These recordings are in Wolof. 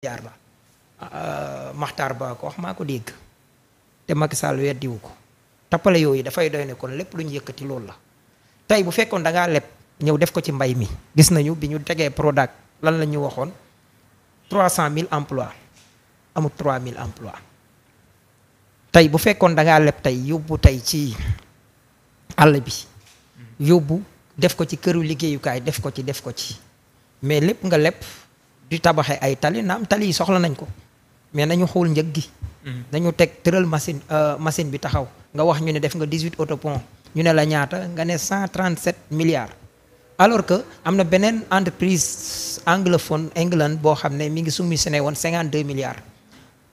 jaar la euh, Maxtaar Ba ko wax maa ko dégg te Macky Sall weddiwu ko tappale yooyu dafay doy ne lépp lu ñu yëkkati loolu la tey bu fekkoon da ngaa leb ñëw def ko ci mbay mi gis nañu bi ñu tegee Prodac lan la ñu waxoon 300000 emplois amul 3000 emplois tey bu fekkoon da ngaa leb tey yóbbu tey ci àll bi yóbbu def ko ci këru liggéeyukaay def ko ci def ko ci mais lépp nga leb. di tabaxee ay tali naam tali yi soxla nañ ko mais nañu xool njëg gi. Mm-hmm. nañu teg tëral machine euh, machine bi taxaw nga wax ñu ne def nga 18 autopont ñu ne la ñaata nga ne 137 milliards. alors que am na beneen entreprise anglophone England boo xam ne mi ngi soumissionné woon 52 milliards.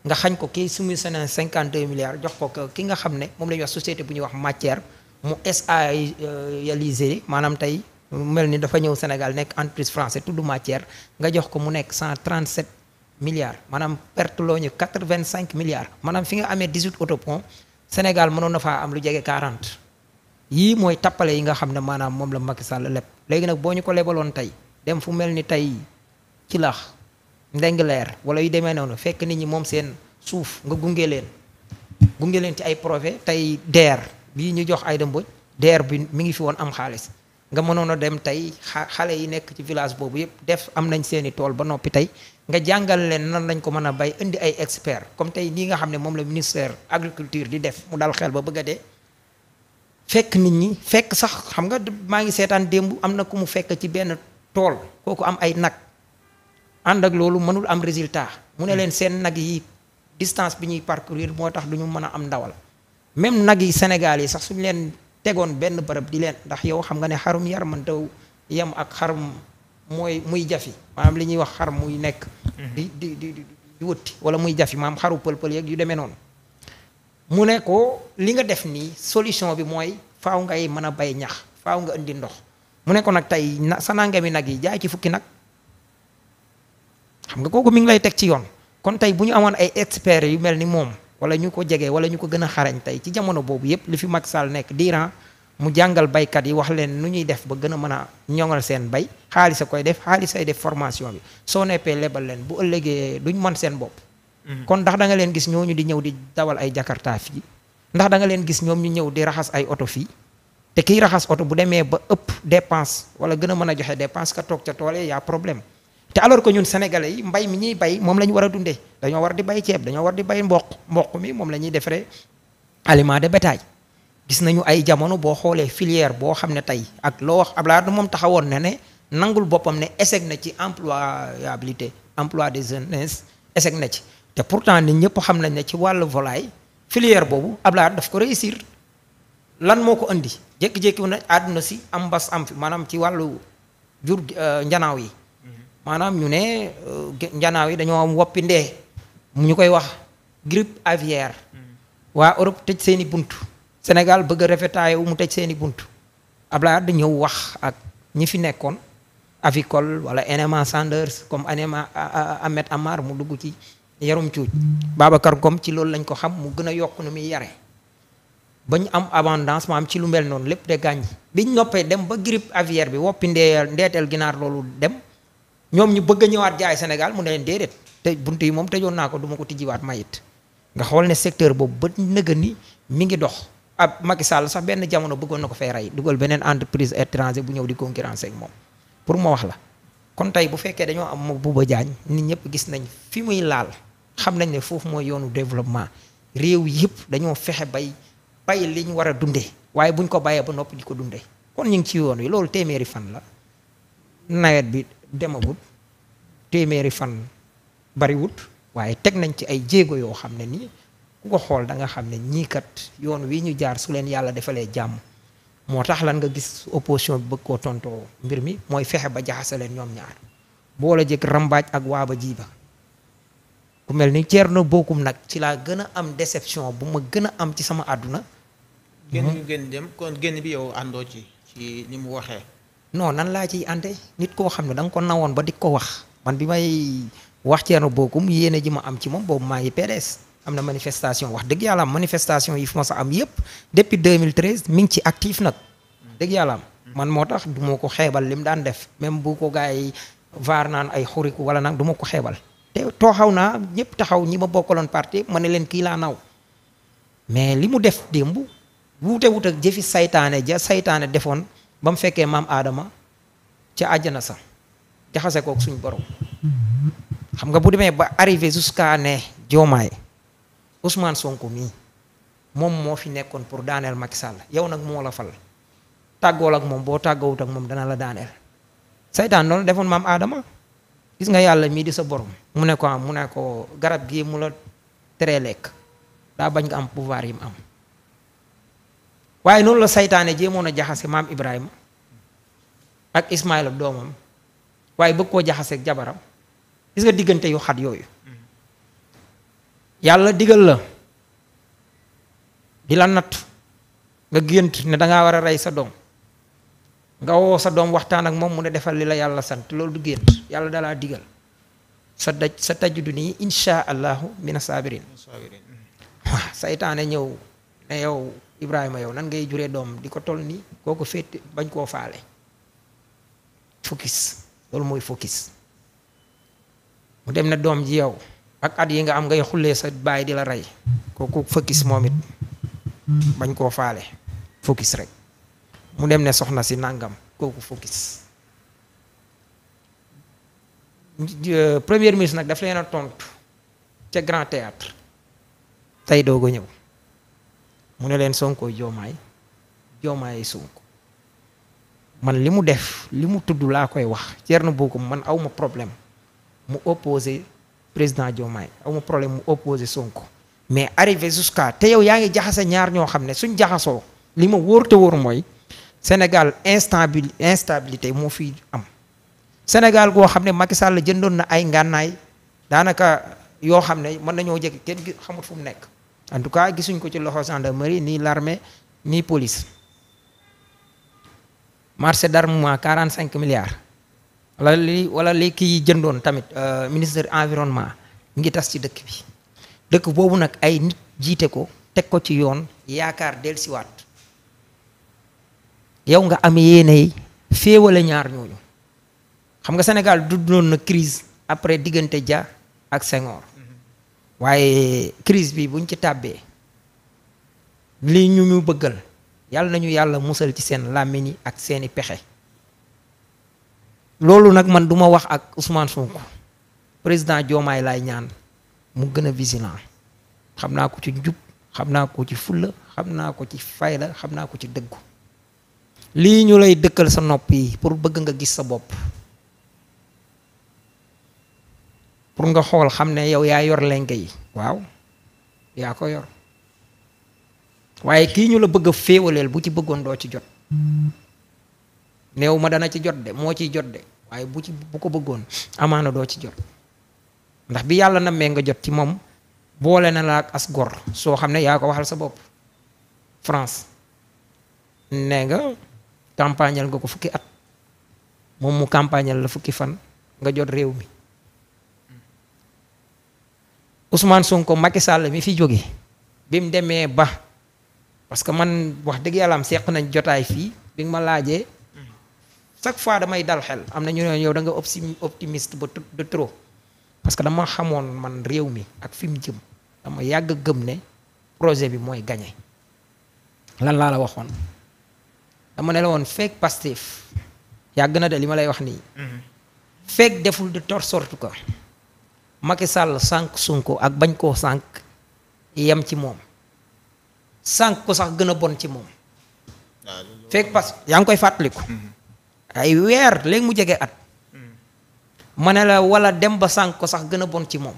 nga xañ ko kii soumissionné 52 milliards jox ko ki nga xam ne moom la ñuy wax société bu ñu wax matière mu SAIalisé euh, maanaam tey. mel ni dafa ñëw Sénégal nekk entreprise français tudd matière nga jox ko mu nekk 137 milliards maanaam perte loo ñu 85 milliards maanaam fi nga amee 18 autopont Sénégal mënoon na faa am lu jege 40 yii mooy tappale yi nga xam ne maanaam moom la Macky Sall leb léegi nag boo ñu ko lebaloon tey dem fu mel ni tey ci lax ndeng leer wala yu demee noonu fekk nit ñi moom seen suuf nga gunge leen gunge leen ci ay projet tey DER bii ñu jox ay dëmb DER bi mi ngi fi woon am xaalis nga mënoon a dem tey xale yi nekk ci village boobu yëpp def am nañ seeni tool ba noppi tey nga jàngal leen nan lañ ko mën a bay indi ay expert comme tey nii nga xam ne moom la ministère agriculture di def mu dal xel ba bëgga a fekk nit ñi fekk sax xam nga maa ngi seetaan démb am na ku mu fekk ci benn tool kooku am ay nag ànd ak loolu mënul am résultat mu ne leen seen nag yi distance bi ñuy parcourir moo tax du ñu mën a am ndawal même nag yi Sénégal tegoon benn barab di leen ndax yow xam nga ne xarum yar mantaw yem ak xarum mooy muy jafi li ñuy wax xar muy nekk mhm. di di di di wëtti wala muy jafi maam xaru pël-pël yeeg yu demee noonu mu ne ko li nga def nii solution bi mooy faaw ngay mën a bay ñax faaw nga indi ndox mu nekkoon ko nag tey sa nangami nag yi jaay ci fukki nag xam nga kooku mu ngi lay teg ci yoon kon tey bu ñu amoon ay experts yu mel ni moom wala ñu ko jegee wala ñu ko gën a xarañ tey ci jamono boobu yépp li fi mag Sall nekk diiran mu jàngal baykat yi wax leen nu ñuy def ba gën a mën a ñoŋal seen bay xaalis a koy def xaalis ay def formation bi soo neppee lebal leen bu ëllëgee duñ mën seen bopp. Mhm. kon ndax da nga leen gis ñooñu di ñëw di dawal ay jakarta fii. ndax da nga leen gis ñoom ñu ñëw di raxas ay oto fii te kiy raxas oto bu demee ba ëpp dépense wala gën a mën a joxe dépense ka toog ca tool yaa problème. te alors que ñun sénégalais yi mbay mi ñuy bay moom la ñu war a dundee dañoo war di bay ceeb dañoo war di bay mboq mboq mi moom la ñuy defaree aliment de bétail gis nañu ay jamono boo xoolee filière boo xam ne tey ak loo wax Abdoulaye moom taxawoon na ne nangul boppam ne échec na ci employabilité emploi des jeunes échec na ci te pourtant nit ñëpp xam nañ ne ci wàllu volaille filière boobu Abdoulaye daf ko réussir lan moo ko indi jékki-jékki na àdduna si am mbas am fi maanaam ci wàllu jur euh, njanaaw yi maanaam ñu ne euh, njanaaw yi dañoo am woppi ndee ñu koy wax grippe avière mm. waa Europe tëj seeni bunt Sénégal bëgg a rafetaay wu mu tëj seeni bunt Abdoulaye Wade ñëw wax ak ñi fi nekkoon avicole wala NMA Sanders comme NMA Ahmed Amar mu dugg ci yarum cuuj Babacar Ngom ci loolu lañ ko xam mu gën a yokk nu muy yare ba ñu am abondance ma am ci lu mel noonu lépp de gàññi biñ noppee dem ba grippe aviaire bi woppi ndee ndeeteel ginaar loolu dem ñoom ñu bëgg ñëwaat jaay Sénégal mu ne leen déedéet te bunt yi moom tëjoon naa ko duma ko tijjiwaat mayit nga xool ne secteur boobu ba nëga ni mi ngi dox ab Macky Sall sax benn jamono bëggoon na ko fee rey dugal beneen entreprise étranger bu ñëw di concurrence ak moom pour ma wax la kon tey bu fekkee dañoo am moom Bouba jaañ nit ñëpp gis nañ fi muy laal xam nañ ne foofu mooy yoonu développement réew yëpp dañoo fexe bay bay li ñu war a dundee waaye buñ ko bayee ba noppi di ko dundee kon ñu ngi ci yoon wi loolu téeméeri fan la nawet bi demagul téeméeri fan bariwut waaye teg nañ ci ay jéego yoo xam ne nii ku ko xool danga xam ne ñii yoon wii ñu jaar su leen yàlla defalee jàmm moo tax lan nga gis opposition bi bëgg koo tontoo mbir mi mooy fexe ba jaxase leen ñoom ñaar boole jëkk rambaaj ak waaba jiiba ku mel ni na Bocoum nag ci laa gën a am déception bu ma gën a am ci sama àdduna. génn ñu génn dem kon génn bi yow àndoo ci ci ni mu waxee. non nan laa ciy ante nit koo xam ne da nga ko nawoon ba di ko wax man bi may wax Thierno Bocoum yéene ji ma am ci moom boobu maa ngi am na manifestation wax dëgg yàlla manifestation yi fi ma sa am yëpp depuis 2013 mi ngi ci actif nag dëgg yàlla man moo tax du ma ko xeebal li mu daan def même bu ko gars yi vaar naan ay xuriku wala nag du ma ko xeebal te tooxaw naa ñëpp taxaw ñi ma bokkaloon parti ma ne leen kii laa naw mais li mu def démb wuute wut ak jëfi saytaane ja seytaane defoon ba mu fekkee maam aadama ca àjjana sa jaxase kook suñu borom xam nga bu demee ba arrivé jusqu'à ne Diomaye Ousmane Sonko mii moom moo fi nekkoon pour daaneel Macky sàll yow nag moo la fal tàggool ak moom boo tàggoowut ak moom dana la daaneel saytaan noonu defoon maam aadama gis nga yàlla mii di sa borom mu ne ko am mu ne ko garab gii mu la teree lekk daa bañ nga am pouvoir yi mu am waaye noonu la seytaane jéemoon a jaxase maam Ibrahima ak Ismaayla doomam waaye bëgg koo jaxasee jabaram gis nga diggante yu xat yooyu yàlla digal la di la natt nga gént ne danga war a rey sa doom nga woo sa doom waxtaan ak moom mu ne defal li la yàlla sant loolu du gént yàlla dalaa digal sa daj sa tajudu nii insha allahu mina sabirin waaw saytaane ñëw ne yow Ibrahima yow nan ngay juree doom di ko toll ni kooku ko bañ koo faale focus loolu mooy focus mu dem na doom ji yow ak at yi nga am ngay xullee sa baay di la rey kooku focus moom it bañ koo faale focus rek mu dem ne soxna si nàngam kooku focus premier ministre nag daf leen a tontu ca grand théâtre tey doog a ñëw mu ne leen Sonko joomaay joomaay sonk man li mu def li mu tudd laa koy wax na Bocoum man awma problème mu opposé président Diomaye awma problème mu opposé sonk mais arrivé jusqu'à te yow yaa ngi jaxase ñaar ñoo xam ne suñ jaxasoo li ma wóor te wóor mooy Sénégal instabil instabilité moo fii am Sénégal goo xam ne Macky Sall jëndoon na ay ngànnaay daanaka yoo xam ne mën nañoo jeg kenn gi xamut fu mu nekk en tout cas gisuñ ko ci loxo gendarmerie ni l'armée ni police marché d'armement 45 quarante cinq li wala li kii jëndoon tamit euh, ministre environnement mi ngi tas ci dëkk bi dëkk boobu nag ay nit jiite ko teg ko ci yoon yaakaar dellusiwaat yow nga am yéenay féewale ñaar ñooñu xam nga Sénégal dund noon na crise après diggante Dia ak Senghor waaye crise bi buñ ci tàbbee lii ñu ñu bëggal yàlla nañu yàlla musal ci seen làmmiñ yi ak seeni pexe loolu nag man duma wax ak Ousmane Sonko président Diomaye laay ñaan mu gën a vigilant xam naa ko ci njub xam naa ko ci fulla xam naa ko ci fayla xam naa ko ci dëggu lii ñu lay dëkkal sa nopp yi pour bëgg nga gis sa bopp pour nga xool xam ne yow yaa yor lenk yi waaw yaa ko yor waaye kii ñu la bëgg a féewaleel bu ci bëggoon doo ci jot néew ma dana ci jot de moo ciy jot de waaye bu ci bu ko bëggoon amaana doo ci jot ndax bi yàlla nammee nga jot ci moom boole na la ak as gor soo xam ne yaa ko waxal sa bopp France nee nga campagnal nga ko fukki at moom mu campagnal la fukki fan nga jot réew mi Ousmane Sonko Macky Sall mi fi jóge bi mu demee ba parce que man wax dëgg yàlla am seq nañ jotaay fii bi nga ma laajee chaque fois damay dal xel am na ñu ne yow da nga optimiste ba de trop parce que dama xamoon man réew mi ak fi mu jëm dama yàgg gëm ne projet bi mooy gañe lan laa la waxoon dama ne la woon fekk Pastef yàgg na de li ma lay wax nii. Mm-hmm. fekk deful de tort sorte que Macky Sall sànq Sonko ak bañ koo sànq yem ci moom sànq ko sax gën a bon ci moom. fekk parce yaa ngi koy fàttaliku. ay weer léegi mu jege at. ma ne la wala dem ba sànq sax gën a bon ci moom.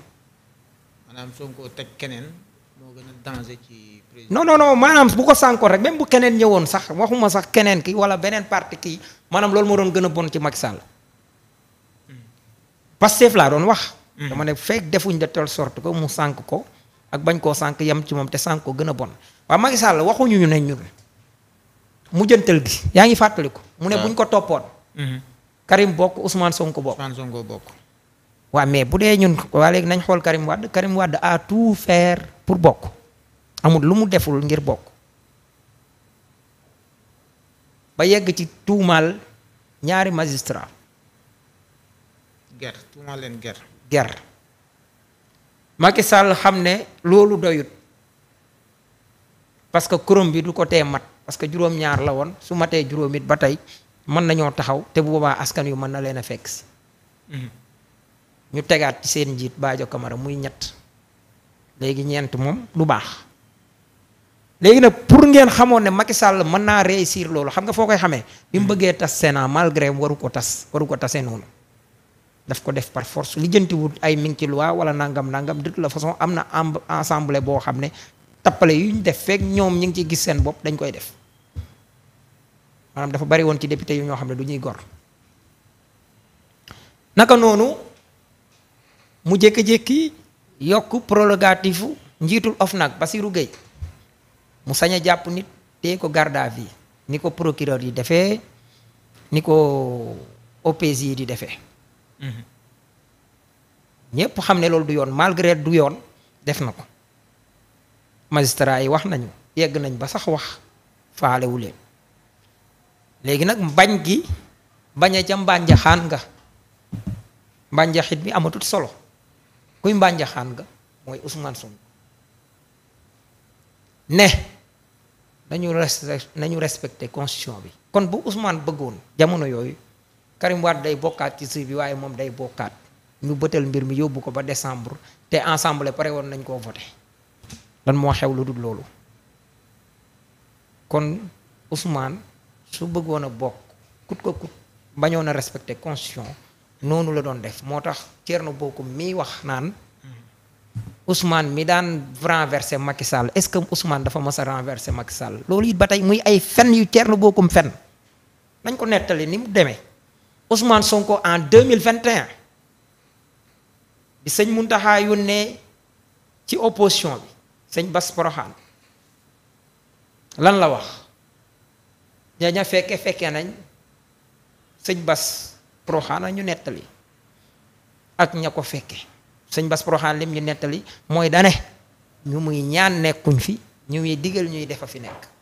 maanaam Sonko teg keneen moo gën a danger ci président. non maanaam bu ko sànkoon rek même bu keneen ñëwoon sax waxuma sax keneen ki wala beneen parti kii maanaam loolu moo doon gën a bon ci Macky Sall. Hmm. Pastef laa doon wax. Mm-hmm. dama ne fekk defuñ de telle sorte que mu sànq ko ak bañ koo sànq yem ci moom te sànq ko gën a bon waaye Macky Sall waxuñu ñu ne ñun mujjantal gi yaa ngi fàttaliku. mu ne buñ ko toppoon. Mm-hmm. Karim bokk Ousmane Sonko bokk. Ousmane Sonko bokk. waa mais bu dee ñun waa léegi nañ xool Karim Wade Karim wàdd a tout faire pour bokk amul lu mu deful ngir bokk. ba yegg ci tuumaal ñaari magistrat ger tuumaal leen ger guerre Macky Sall xam ne loolu doyut parce que kuréel bi du ko tee mat parce que juróom-ñaar la woon su matee juróom ba tey mën nañoo taxaw te bu boobaa askan yu mën na leen a fekk si mhm. ñu tegaat ci seen njiit baajo Camara muy ñett léegi ñeent moom du baax léegi nag pour ngeen xamoon ne Macky Sall mën naa réussir loolu xam nga foo koy xamee bi mu bëggee tas Sénat malgré waru ko tas waru ko tase noonu daf ko def par force lijjantiwut ay mi ci loi wala nangam nangam de toute façon am na ensemble boo xam ne tappale yu ñu def feek ñoom ñu ngi ciy gis seen bopp dañ koy def maanaam dafa bari woon ci député yu ñoo xam ne du ñuy gor naka noonu mu jékki-jékki yokk prorogative njiitul OFNAC Bassirou Gueye mu sañ a jàpp nit tee ko garde à ni ko procureur yi defee ni ko OPJ yi di defee ñëpp xam ne loolu du yoon malgré du yoon def na ko magistrat yi wax nañu yegg nañ ba sax wax faalewu leen léegi nag bañ gi baña ca mbànjaxaan nga mbànjaxit bi amatut solo kuy mbànjaxaan nga mooy Ousmane Sonko ne nañu respect nañu respecté constitution bi kon bu usmaan bëggoon jamono yooyu Karim day bokkaat ci sëy bi waaye moom day bokkaat ñu bëtal mbir mi yóbbu ko ba décembre te ensemble pare woon nañ koo vote lan moo xew lu dul loolu kon Ousmane su bëggoon a bokk kut ko kut bañoon a respecté constitution noonu la doon def moo tax Thierno Bocoum mii wax naan Ousmane mi daan renversé Macky Sall est-ce que Ousmane dafa mës a renversé Macky Sall loolu it ba tey muy ay fen yu Thierno Bocoum fen nañ ko nettali ni mu demee Ousmane Sonko en mille 2021 bi sëñ Muntaxa yónnee ci opposition bi sëñ Bas Poroxaan lan la wax ñaña fekke fekkee nañ sëñ Bas Poroxaan ñu nettali ak ña ko fekke sëñ Bas Poroxaan lim ñu nettali mooy dane ñu muy ñaan nekkuñ fi ñu muy digal ñuy defa fi nekk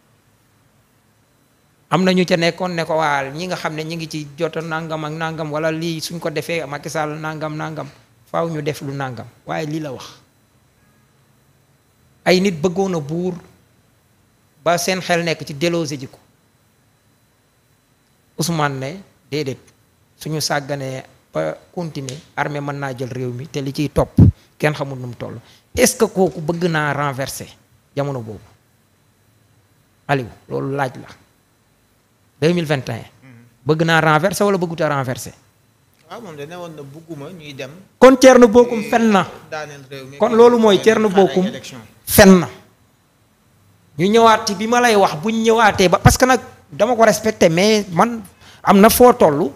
am na ñu ca nekkoon ne ko waa ñi nga xam ne ñi ngi ci jota nàngam ak nangam wala lii suñ ko defee Macky Sall nàngam nangam faw ñu def lu nangam waaye lii la wax ay nit bëggoon a buur ba seen xel nekk ci délogé ji ko Ousmane ne déedéet suñu sàggane ba continuer armée mën naa jël réew mi te li ciy topp kenn xamul nu mu est-ce que kooku bëgg naa renversé jamono boobu Aliou loolu laaj la 2021. bëgg naa renverser wala bëggut a renverser. waaw ah, moom dañ ne woon na bëgguma ñuy dem. kon Thierno Bocoum fen na. kon loolu mooy Thierno Bocoum fen na. ñu ñëwaat ci bi ma lay wax bu ñëwaatee ba parce que nag dama ko respecté mais man am na foo toll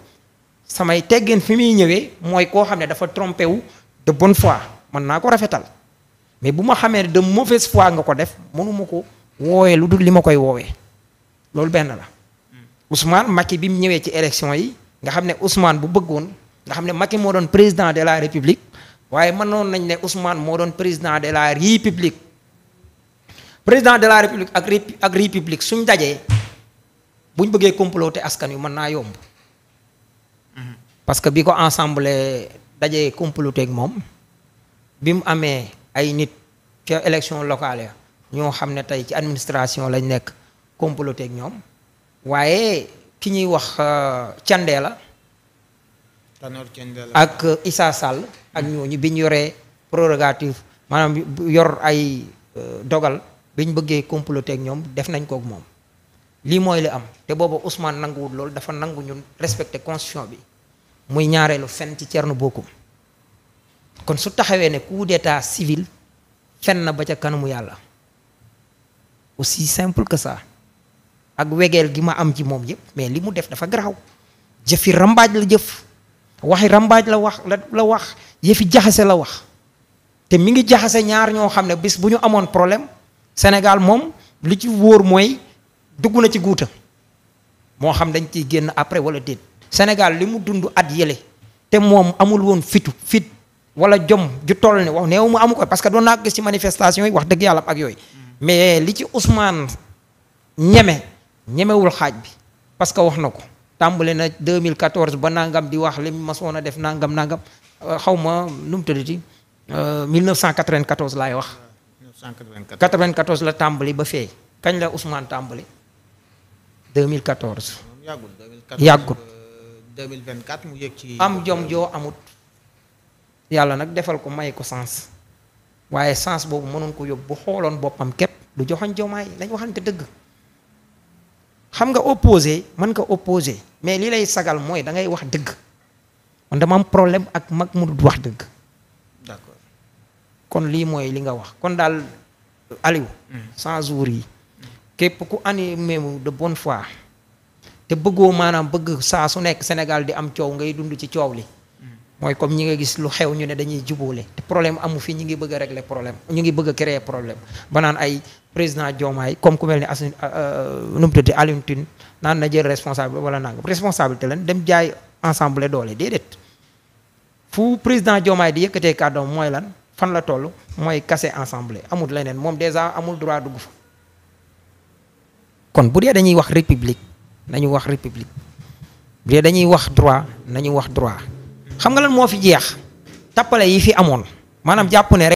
samay teggin fi muy ñëwee mooy koo xam ne dafa trompé wu de bonne foi mën naa ko rafetal mais bu ma xamee de mauvaise fois nga ko def mënuma ko woowee lu dul li ma koy woowee loolu benn la. Ousmane Macky bi mu ñëwee ci élection yi nga xam ne Ousmane bu bëggoon nga xam ne Macky moo doon président de la république waaye man mënoon nañ ne Ousmane moo doon président de la république président de la république ak ak république suñ dajee buñ bëggee comploter askan yu mën naa yomb parce que bi ko ensemble dajee comploter ak moom bi mu amee ay nit ca élection locale ya ñoo xam ne tey ci administration lañ nekk comploter ak ñoom waaye ki ñuy wax Candé euh, la ak euh, Issa Sall ak ñooñu bi ñu yoree prérogative maanaam yor ay euh, dogal bi bëggee comploter ak ñoom def nañ kook moom lii mooy li am te booba Ousmane nanguwul loolu dafa nangu ñun respecté constitution bi muy ñaareelu fen ci Thierno Bocoum kon su taxawee ne coup d'état civil fen na ba ca kanamu yàlla aussi simple que ça ak wegeel gi ma am ci moom yëpp mais li mu def dafa garaaw jëfi rambaaj la jëf waxi rambaaj la wax la la wax yëfi jaxase la wax te mi ngi jaxase ñaar ñoo xam ne bis bu ñu amoon problème Sénégal moom li ci wóor mooy dugg na ci guuta moo xam dañ ciy génn après wala déet Sénégal li mu dund at yële te moom amul woon fitu fit wala jom ju toll ni wax neew mu amu ko parce que doon naa gis ci manifestation yi wax dëgg yàlla ak yooyu mm. mais li ci Ousmane ñeme ñemewul xaaj bi parce que wax na ko tàmbale na 2014 ba nangam di wax li masoon a def nangam nangam euh, xaw ma nu mu tëddati 1994 euh, laay wax. 1994 94 la tàmbali ba feey kañ la Ousmane tàmbali 2014. yàggul 2014 yàggul. 2024 euh, mu yëg ci. am jom joo amut. yàlla nag defal ko may ko sens. waaye sens boobu mënoon ko yóbbu bu xooloon boppam képp du joxoon jomaay nañ te dëgg. xam nga opposé man nga opposé mais li lay sagal mooy da ngay wax dëgg man dama am problème ak mag mu dul wax dëgg. d'accord kon lii mooy li nga wax kon daal Aliou. sans mm. jour yi. képp ku animé wu de bonne foi. te bëggoo maanaam bëgg saa su nekk Sénégal di am coow ngay dund ci coow li. mooy comme ñi nga gis lu xew ñu ne dañuy jubóole te problème amu fii ñu ngi bëgg a régler problème ñu ngi bëgg a créer problème ba naan ay président joomaay comme ku mel ni Assane euh, euh, nu mu tuddati Alioune Tine naan na jël responsable wala nangam responsabilité lan dem jaay ensemble doole déedéet fu président Diomaye di yëkkatee kàddoom mooy lan fan la toll mooy kase ensemble amul leneen moom déjà amul droit dugg fa kon bu dee dañuy wax république nañu wax république bu dañuy wax droit nañu wax droit xam nga lan moo fi jeex tappale yi fi amoon maanaam jàpp ne rek